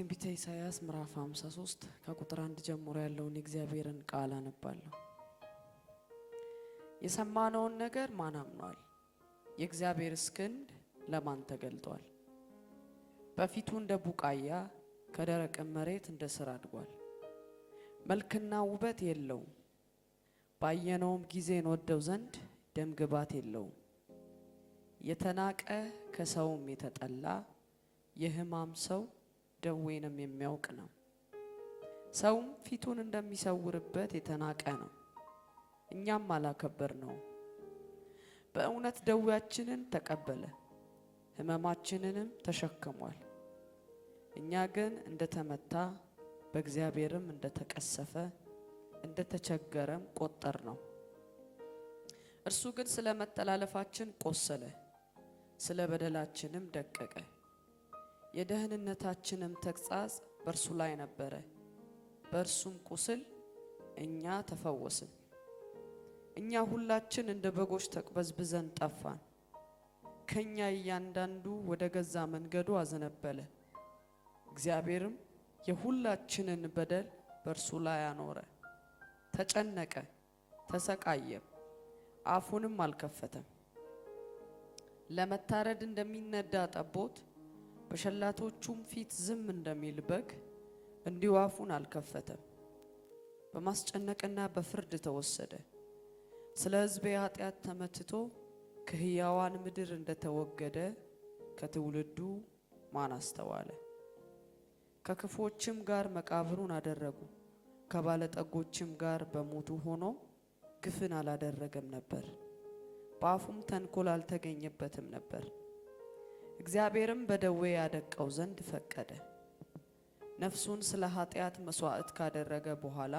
ትንቢተ ኢሳያስ ምዕራፍ 53 ከቁጥር አንድ ጀምሮ ያለውን የእግዚአብሔርን ቃል አነባለሁ። የሰማነውን ነገር ማን አምኗል? የእግዚአብሔርስ ክንድ ለማን ተገልጧል? በፊቱ እንደ ቡቃያ ከደረቅ መሬት እንደ ስር አድጓል። መልክና ውበት የለውም፣ ባየነውም ጊዜ እንወደው ዘንድ ደም ግባት የለውም። የተናቀ ከሰውም የተጠላ የሕማም ሰው ደዌንም የሚያውቅ ነው። ሰውም ፊቱን እንደሚሰውርበት የተናቀ ነው። እኛም አላከበር ነው። በእውነት ደዌያችንን ተቀበለ፣ ሕመማችንንም ተሸክሟል። እኛ ግን እንደተመታ በእግዚአብሔርም እንደተቀሰፈ እንደተቸገረም ቆጠር ነው። እርሱ ግን ስለ መተላለፋችን ቆሰለ፣ ስለ በደላችንም ደቀቀ። የደህንነታችንም ተግሣጽ በእርሱ ላይ ነበረ፣ በእርሱም ቁስል እኛ ተፈወስን። እኛ ሁላችን እንደ በጎች ተቅበዝብዘን ጠፋን፣ ከእኛ እያንዳንዱ ወደ ገዛ መንገዱ አዘነበለ። እግዚአብሔርም የሁላችንን በደል በእርሱ ላይ አኖረ። ተጨነቀ፣ ተሰቃየም፣ አፉንም አልከፈተም። ለመታረድ እንደሚነዳ ጠቦት በሸላቶቹም ፊት ዝም እንደሚል በግ እንዲሁ አፉን አልከፈተም። በማስጨነቅና በፍርድ ተወሰደ። ስለ ሕዝቤ ኃጢአት ተመትቶ ከሕያዋን ምድር እንደተወገደ ከትውልዱ ማን አስተዋለ? ከክፎችም ጋር መቃብሩን አደረጉ፣ ከባለጠጎችም ጋር በሞቱ ሆኖ ግፍን አላደረገም ነበር፣ በአፉም ተንኮል አልተገኘበትም ነበር። እግዚአብሔርም በደዌ ያደቀው ዘንድ ፈቀደ። ነፍሱን ስለ ኃጢአት መስዋዕት ካደረገ በኋላ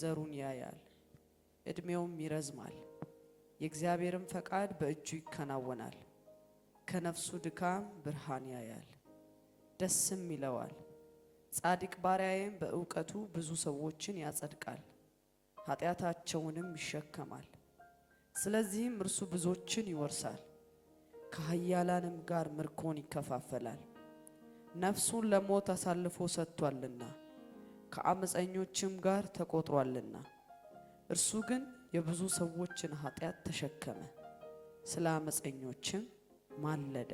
ዘሩን ያያል፣ ዕድሜውም ይረዝማል። የእግዚአብሔርም ፈቃድ በእጁ ይከናወናል። ከነፍሱ ድካም ብርሃን ያያል፣ ደስም ይለዋል። ጻድቅ ባሪያዬም በእውቀቱ ብዙ ሰዎችን ያጸድቃል፣ ኃጢአታቸውንም ይሸከማል። ስለዚህም እርሱ ብዙዎችን ይወርሳል። ከኃያላንም ጋር ምርኮን ይከፋፈላል። ነፍሱን ለሞት አሳልፎ ሰጥቷልና ከአመፀኞችም ጋር ተቆጥሯልና። እርሱ ግን የብዙ ሰዎችን ኃጢአት ተሸከመ፣ ስለ አመፀኞችም ማለደ።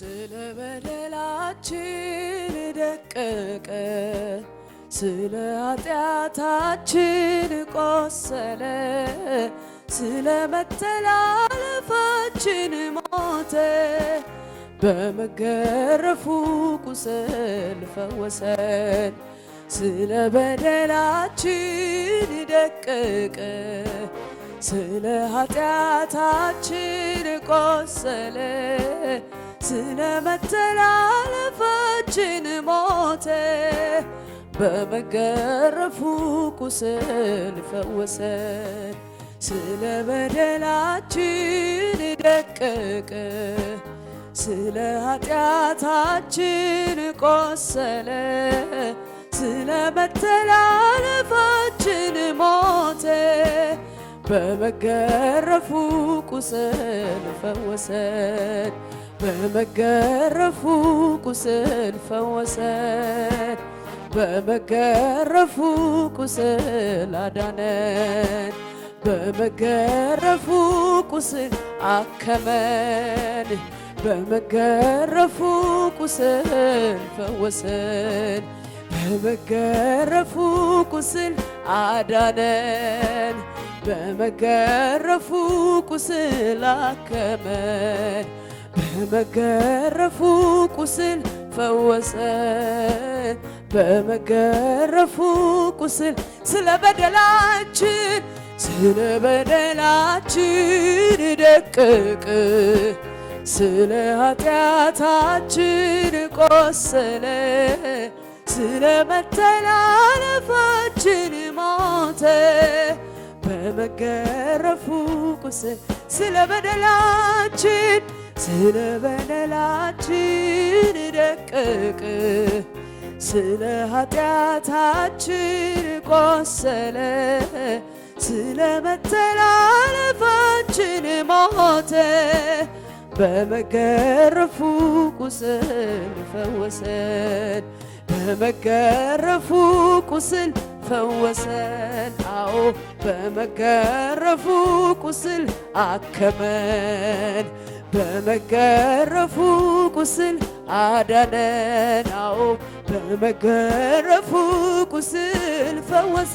ስለ በደላችን ደቀቀ፣ ስለ ኃጢአታችን ቆሰለ፣ ስለ መተላለፋችን ሞተ። በመገረፉ ቁስል ፈወሰን። ስለ በደላችን ደቀቀ፣ ስለ ኃጢአታችን ቆሰለ ስለ መተላለፋችን ሞተ፣ በመገረፉ ቁስል ፈወሰን። ስለ በደላችን ደቀቀ፣ ስለ ኃጢአታችን ቆሰለ። ስለ መተላለፋችን ሞተ፣ በመገረፉ ቁስል ፈወሰን። በመገረፉ ቁስል ፈወሰን፣ በመገረፉ ቁስል አዳነን፣ በመገረፉ ቁስል አከመን፣ በመገረፉ ቁስል ፈወሰን፣ በመገረፉ ቁስል አዳነን፣ በመገረፉ ቁስል አከመን በመገረፉ ቁስል ፈወሰን በመገረፉ ቁስል ስለ በደላችን ስለ በደላችን ደቀቀ ስለ ኃጢአታችን ቆሰለ ስለ መተላለፋችን ሞተ በመገረፉ ቁስል ስለ በደላችን ስለ በደላችን ደቀቀ፣ ስለ ኃጢአታችን ቆሰለ፣ ስለ መተላለፋችን ሞተ። በመገረፉ ቁስል ፈወሰን፣ በመገረፉ ቁስል ፈወሰን። አዎ በመገረፉ ቁስል አከመን። በመገረፉ ቁስል አዳነናው በመገረፉ ቁስል ፈወሰ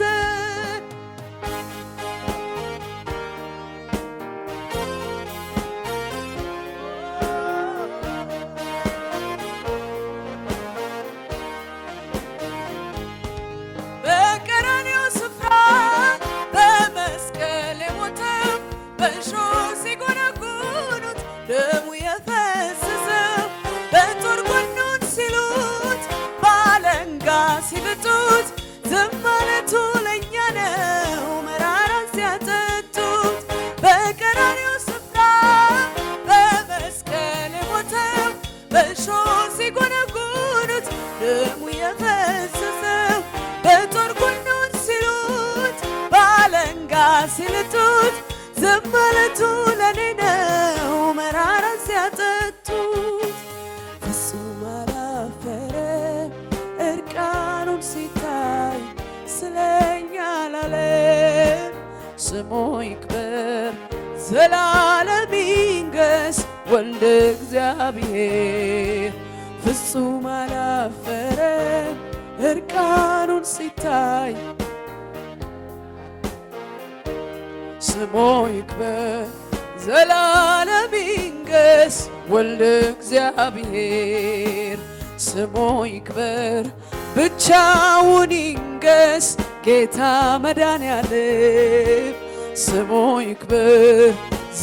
ስሙ ይክበር ዘላለም ይንገስ ወልደ እግዚአብሔር ፍጹም አላፈረ እርቃኑን ሲታይ ስሙ ይክበር ዘላለም ይንገስ ወልደ እግዚአብሔር ስሙ ይክበር ብቻውን ይንገስ ጌታ መዳን መድኃኒዓለም ስሙ ይክበር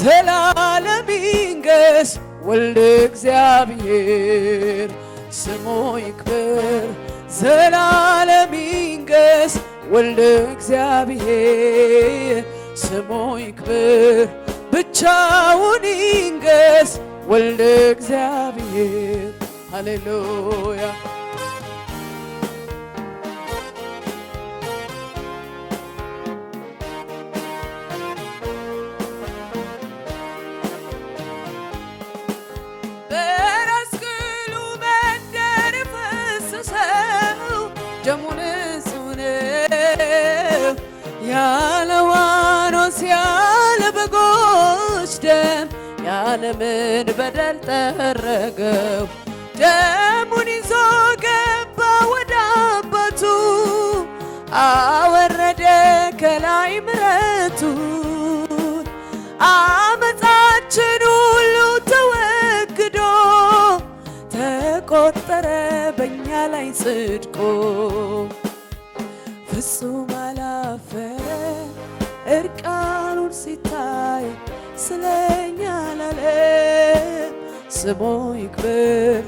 ዘላለም ይንገስ ወልደ እግዚአብሔር ስሙ ይክበር ዘላለም ይንገስ ወልደ እግዚአብሔር ስሙ ይክበር ብቻውን ይንገስ ወልደ እግዚአብሔር ሃሌሉያ የዓለምን በደል ጠረገው። ደሙን ይዞ ገባ ወደ አባቱ አወረደ ከላይ ምረቱን! አመፃችን ሁሉ ተወግዶ ተቆጠረ በእኛ ላይ ጽድቆ ፍጹም አላፈረ እርቃኑን ሲታይ ስለኛ ለዘላለም ስሙ ይክበር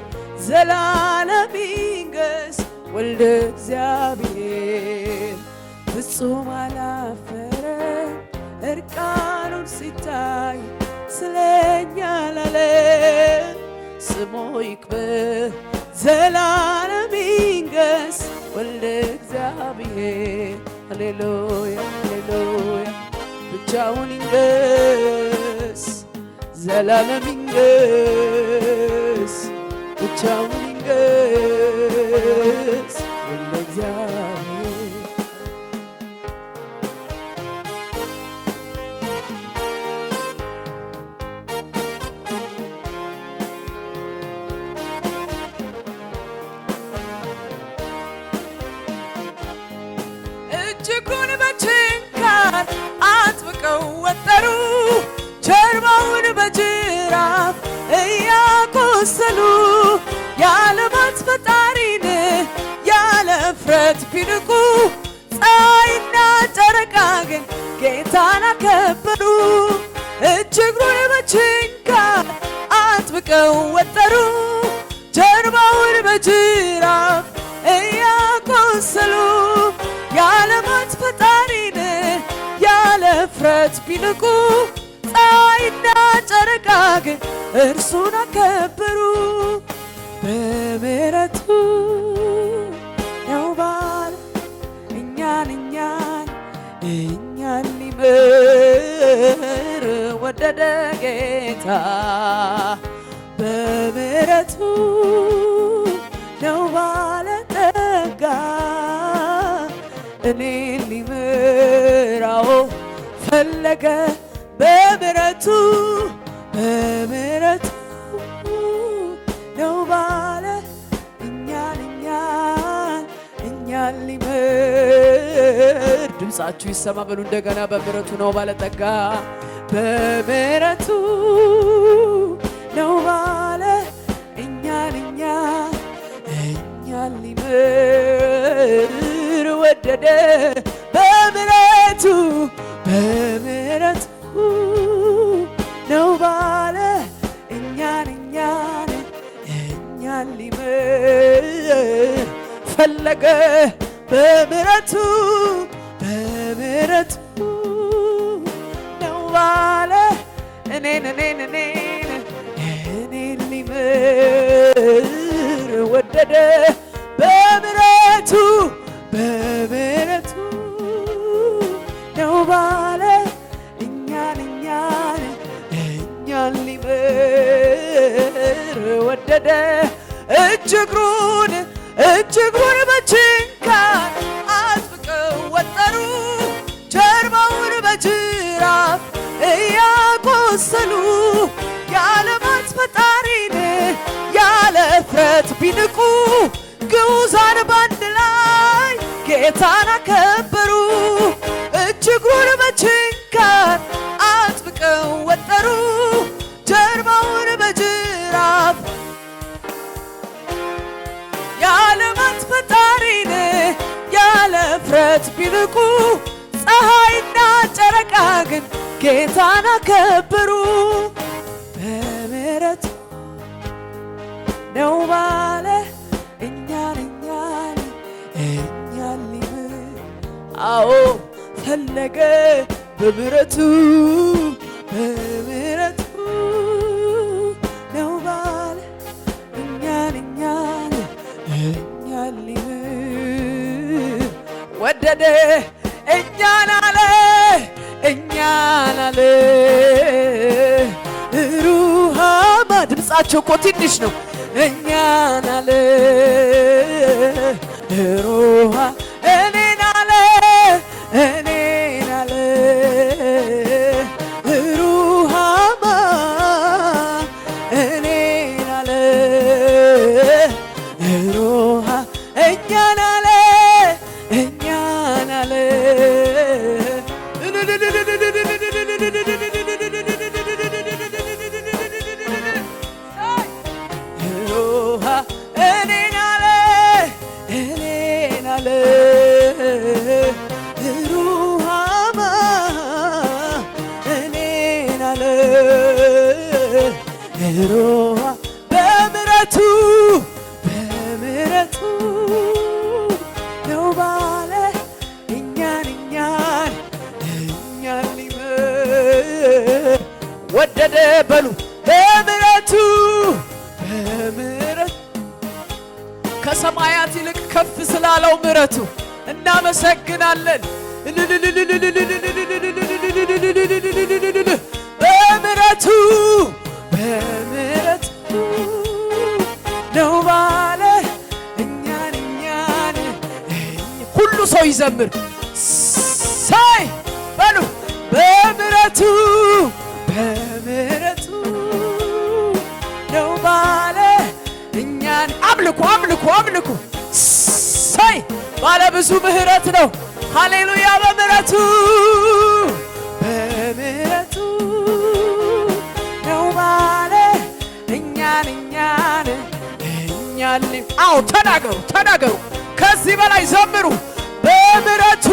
ዘላለም ይንገስ ወልደ እግዚአብሔር ፍጹም አላፈረ እርቃኑን ሲታይ ስለኛ ላለ ስሙ ይክበር ዘላለም ይንገስ ወልደ እግዚአብሔር ሃሌሉያ ሃሌሉያ ብቻውን ይንገስ ዘላለም ይንገስ ብቻውን ይንገስ ዛፍ እያቆሰሉ የዓለማት ፈጣሪን ያለ እፍረት ቢንቁ ፀሐይና ጨረቃ ግን ጌታን አከበሩ። እጅ እግሩ አጥብቀው ወጠሩ። ጀርባውን በጅራፍ እያቆሰሉ የዓለማት ፈጣሪን ያለ እፍረት ቢንቁ ግን እርሱን አከበሩ። በምሕረቱ ነው ባል እኛን እኛን እኛን ሊምር ወደደ ጌታ በምሕረቱ ነው ባለጠጋ እኔን ሊምራው ፈለገ በምሕረቱ በምሕረቱ ነው ባለ እኛን እኛን እኛን ሊምር ድምፃችሁ ይሰማ በሉ እንደገና በምረቱ ነው ባለጠጋ በምሕረቱ ነው ባለ እኛን እኛ እኛን ሊምር ወደደ በምሕረቱ በምሕረቱ ነው ባለ እኛን እኛን እኛን ሊምር ፈለገ በምረቱ በምረቱ ነው ባለ እኔን እኔን እኔን እኔን ሊምር ወደደ በምረቱ በምረቱ ነው ባለ ሊያከብር ወደደ እጅግሩን እጅግሩን በችንካር አጥብቀው ወጠሩ ጀርባውን በጅራፍ እያቆሰሉ የዓለማት ፈጣሪን ያለ እፍረት ቢንቁ ግዑዛን ባንድ ላይ ጌታን አከበሩ። ከዋክብት ቢልኩ ፀሐይና ጨረቃ ግን ጌታን አከበሩ። በምሕረቱ ነው ባለ እኛን እኛን እኛን ሊምር አዎ ፈለገ በምሕረቱ ወደደ እኛን አለ እኛን አለ ሩሃማ ድምፃቸው እኮ ትንሽ ነው። እኛን አለ ሩሃ ከሰማያት ይልቅ ከፍ ስላለው ምረቱ እናመሰግናለን። በምሕረቱ በምረቱ ነው ባለ እኛን እኛን ሁሉ ሰው ይዘምር ሳይ በሉ በምረቱ አምልኩ አምልኩ አምልኩ። ሳይ ባለ ብዙ ምህረት ነው። ሃሌሉያ በምሕረቱ በምሕረቱ ነው ባለ እኛን እኛን እኛን አዎ ተናገሩ ተናገሩ ከዚህ በላይ ዘምሩ በምሕረቱ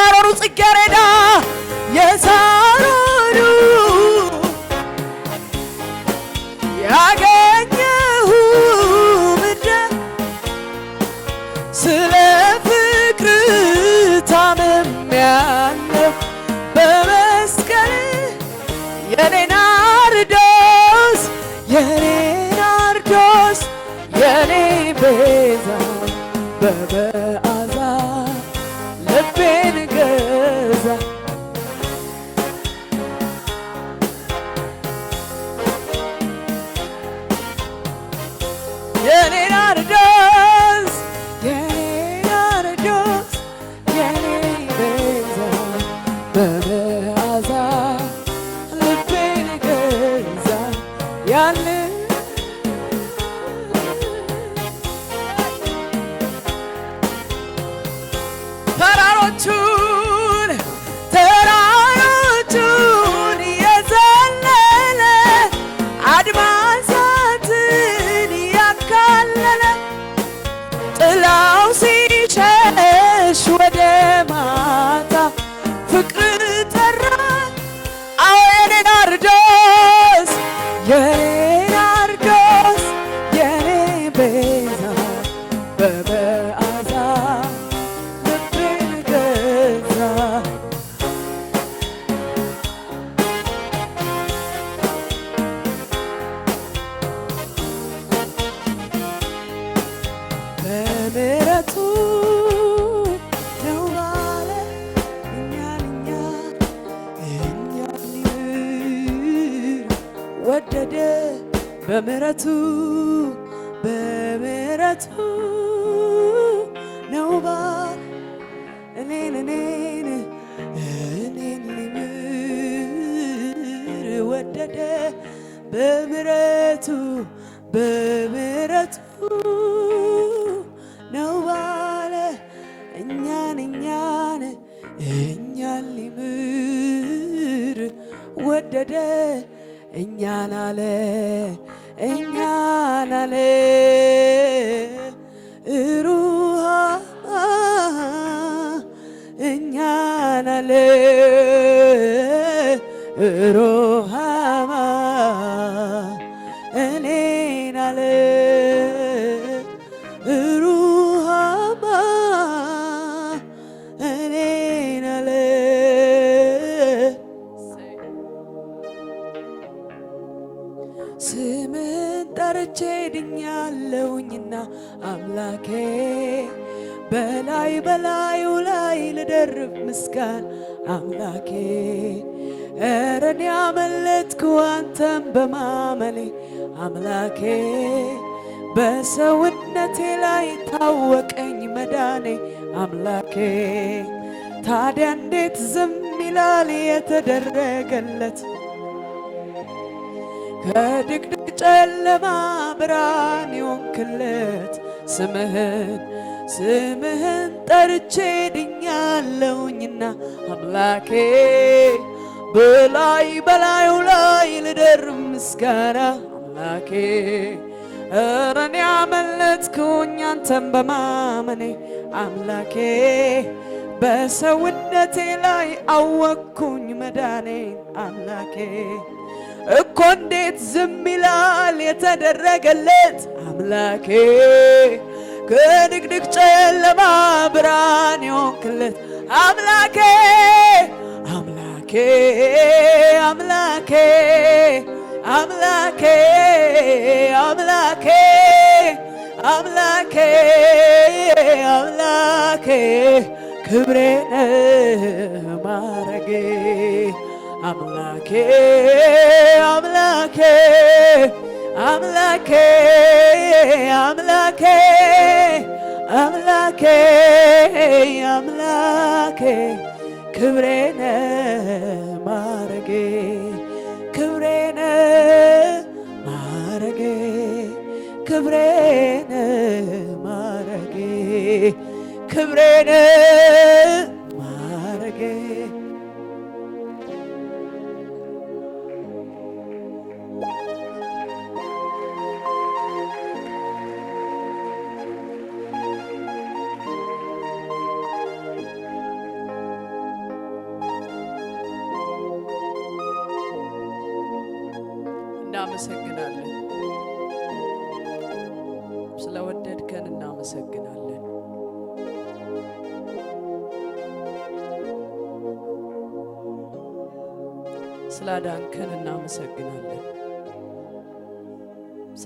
የሳሮኑ ጽጌረዳ የሳሮኑ ያገኘሁ ምደ ስለ ፍቅር ታምም በመስቀል የኔ ናርዶስ የኔ ናርዶስ የኔ ቤዛ በበ ወደደ በምረቱ በምረቱ ነው ባለ እኛን እኛን እኛን ሊምር ወደደ እኛን አለ እኛን አለ እሩሃ እኛን አለ እሮ በላይ በላዩ ላይ ልደርብ ምስጋና አምላኬ እረን ያመለጥኩ አንተም በማመኔ አምላኬ በሰውነቴ ላይ ታወቀኝ መዳኔ አምላኬ ታዲያ እንዴት ዝም ይላል የተደረገለት ከድቅድቅ ጨለማ ብርሃን ይሆንክለት ስምህን ስምህን ጠርቼ ድኛለሁኝና አምላኬ በላይ በላዩ ላይ ልደር ምስጋና አምላኬ እረን ያመለጥኩኝ አንተን በማመኔ አምላኬ በሰውነቴ ላይ አወቅኩኝ መዳኔ አምላኬ እኮ እንዴት ዝም ይላል የተደረገለት አምላኬ ከድቅድቅ ጨለማ ብርሃን የሆንክለት አምላኬ አምላኬ አምላኬ አምላኬ አምላኬ አምላኬ አምላኬ ክብሬ ማረጌ አምላኬ አምላኬ አምላኬ አምላኬ አምላኬ አምላኬ ክብሬነ ማረጌ ክብሬነ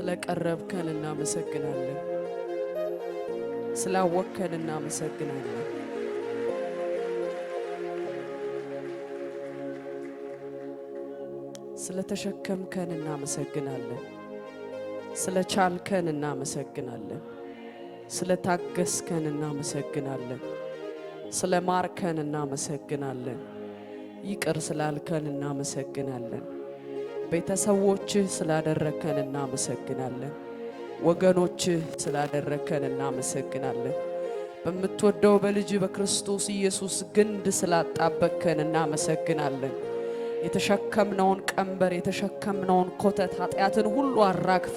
ስለቀረብከን እናመሰግናለን። ስላወቅከን እናመሰግናለን። ስለተሸከምከን እናመሰግናለን። ስለቻልከን እናመሰግናለን። ስለታገስከን እናመሰግናለን። ስለማርከን እናመሰግናለን። ይቅር ስላልከን እናመሰግናለን። ቤተሰቦችህ ስላደረከን እናመሰግናለን። ወገኖችህ ስላደረከን እናመሰግናለን። በምትወደው በልጅ በክርስቶስ ኢየሱስ ግንድ ስላጣበከን እናመሰግናለን። የተሸከምነውን ቀንበር የተሸከምነውን ኮተት ኃጢአትን ሁሉ አራግፈ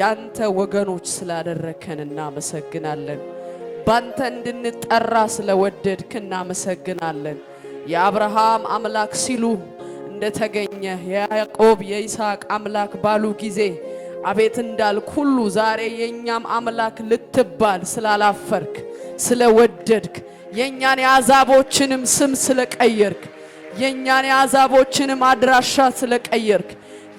ያንተ ወገኖች ስላደረከን እናመሰግናለን። ባንተ እንድንጠራ ስለወደድክ እናመሰግናለን። የአብርሃም አምላክ ሲሉ እንደተገኘ የያዕቆብ የይስሐቅ አምላክ ባሉ ጊዜ አቤት እንዳልክ ሁሉ ዛሬ የእኛም አምላክ ልትባል ስላላፈርክ ስለወደድክ የእኛን የአዛቦችንም ስም ስለቀየርክ የእኛን የአዛቦችንም አድራሻ ስለቀየርክ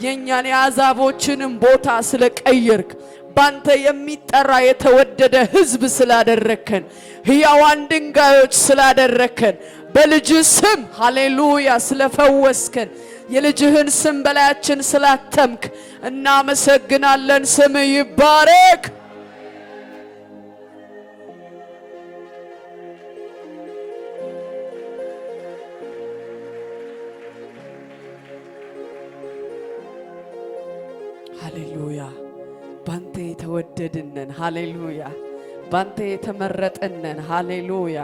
የእኛን የአዛቦችንም ቦታ ስለቀየርክ ባንተ የሚጠራ የተወደደ ሕዝብ ስላደረከን ሕያዋን ድንጋዮች ስላደረከን በልጅ ስም ሃሌሉያ ስለፈወስከን የልጅህን ስም በላያችን ስላተምክ እናመሰግናለን። ስም ይባረክ። ሃሌሉያ ባንተ የተወደድነን፣ ሃሌሉያ ባንተ የተመረጠነን፣ ሃሌሉያ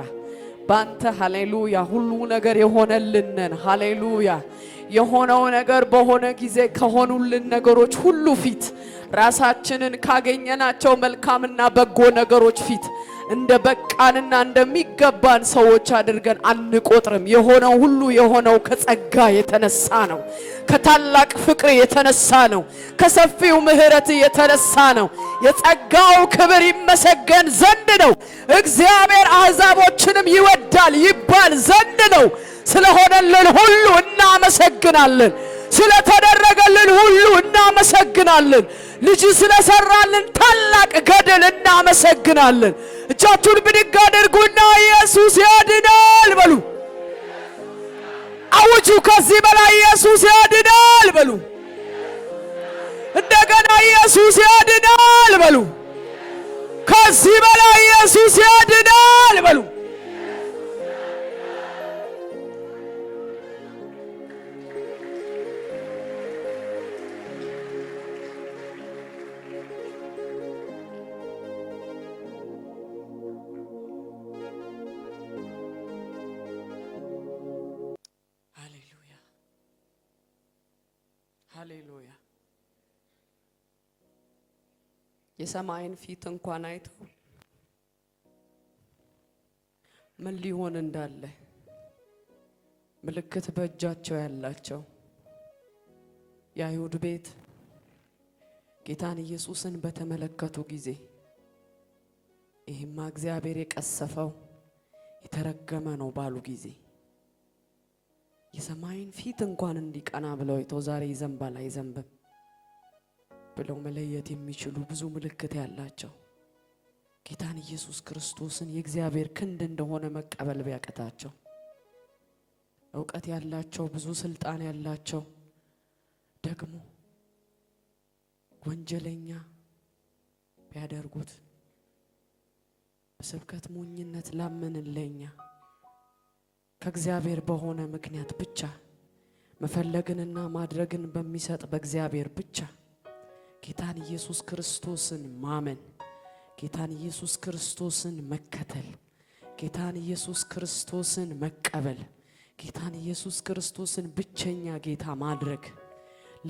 ባንተ ሃሌሉያ ሁሉ ነገር የሆነልንን ሃሌሉያ የሆነው ነገር በሆነ ጊዜ ከሆኑልን ነገሮች ሁሉ ፊት ራሳችንን ካገኘናቸው መልካምና በጎ ነገሮች ፊት እንደ በቃንና እንደሚገባን ሰዎች አድርገን አንቆጥርም። የሆነው ሁሉ የሆነው ከጸጋ የተነሳ ነው። ከታላቅ ፍቅር የተነሳ ነው። ከሰፊው ምሕረት የተነሳ ነው። የጸጋው ክብር ይመሰገን ዘንድ ነው። እግዚአብሔር አሕዛቦችንም ይወዳል ይባል ዘንድ ነው። ስለሆነልን ሁሉ እናመሰግናለን። ስለተደረገልን ሁሉ እናመሰግናለን። ልጅ ስለሰራልን ታላቅ ገድል እናመሰግናለን። እጃችሁን ብድግ አድርጉና ኢየሱስ ያድናል በሉ። አውጁ! ከዚህ በላይ ኢየሱስ ያድናል በሉ። እንደገና ኢየሱስ ያድናል በሉ። ከዚህ በላይ ኢየሱስ ያድናል በሉ። የሰማይን ፊት እንኳን አይቶ ምን ሊሆን እንዳለ ምልክት በእጃቸው ያላቸው የአይሁድ ቤት ጌታን ኢየሱስን በተመለከቱ ጊዜ ይህማ እግዚአብሔር የቀሰፈው የተረገመ ነው ባሉ ጊዜ የሰማይን ፊት እንኳን እንዲቀና ብለው ይተው ዛሬ ይዘንባል አይዘንብም ብለው መለየት የሚችሉ ብዙ ምልክት ያላቸው ጌታን ኢየሱስ ክርስቶስን የእግዚአብሔር ክንድ እንደሆነ መቀበል ቢያቅታቸው እውቀት ያላቸው ብዙ ስልጣን ያላቸው ደግሞ ወንጀለኛ ቢያደርጉት በስብከት ሞኝነት ላምንለኛ ከእግዚአብሔር በሆነ ምክንያት ብቻ መፈለግንና ማድረግን በሚሰጥ በእግዚአብሔር ብቻ ጌታን ኢየሱስ ክርስቶስን ማመን፣ ጌታን ኢየሱስ ክርስቶስን መከተል፣ ጌታን ኢየሱስ ክርስቶስን መቀበል፣ ጌታን ኢየሱስ ክርስቶስን ብቸኛ ጌታ ማድረግ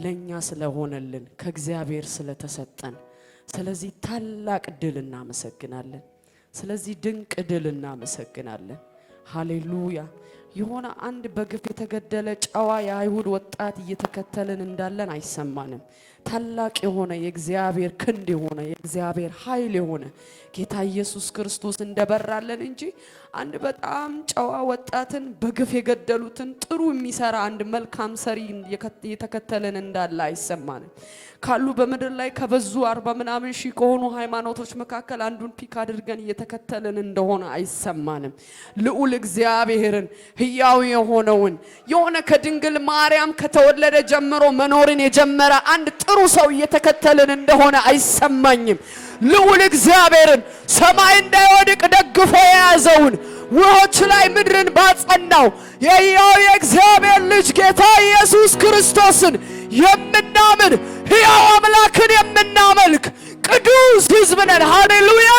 ለእኛ ስለሆነልን ከእግዚአብሔር ስለተሰጠን ስለዚህ ታላቅ ድል እናመሰግናለን። ስለዚህ ድንቅ ድል እናመሰግናለን። ሃሌሉያ የሆነ አንድ በግፍ የተገደለ ጨዋ የአይሁድ ወጣት እየተከተልን እንዳለን አይሰማንም። ታላቅ የሆነ የእግዚአብሔር ክንድ የሆነ የእግዚአብሔር ኃይል የሆነ ጌታ ኢየሱስ ክርስቶስ እንደበራለን እንጂ አንድ በጣም ጨዋ ወጣትን በግፍ የገደሉትን ጥሩ የሚሰራ አንድ መልካም ሰሪ እየተከተልን እንዳለ አይሰማንም። ካሉ በምድር ላይ ከበዙ አርባ ምናምን ሺህ ከሆኑ ሃይማኖቶች መካከል አንዱን ፒክ አድርገን እየተከተልን እንደሆነ አይሰማንም። ልዑል እግዚአብሔርን ህያው የሆነውን የሆነ ከድንግል ማርያም ከተወለደ ጀምሮ መኖርን የጀመረ አንድ ጥሩ ሰው እየተከተልን እንደሆነ አይሰማኝም። ልዑል እግዚአብሔርን ሰማይ እንዳይወድቅ ደግፎ የያዘውን ውሆች ላይ ምድርን ባጸናው የሕያው የእግዚአብሔር ልጅ ጌታ ኢየሱስ ክርስቶስን የምናምን ሕያው አምላክን የምናመልክ ቅዱስ ሕዝብ ነን። ሃሌሉያ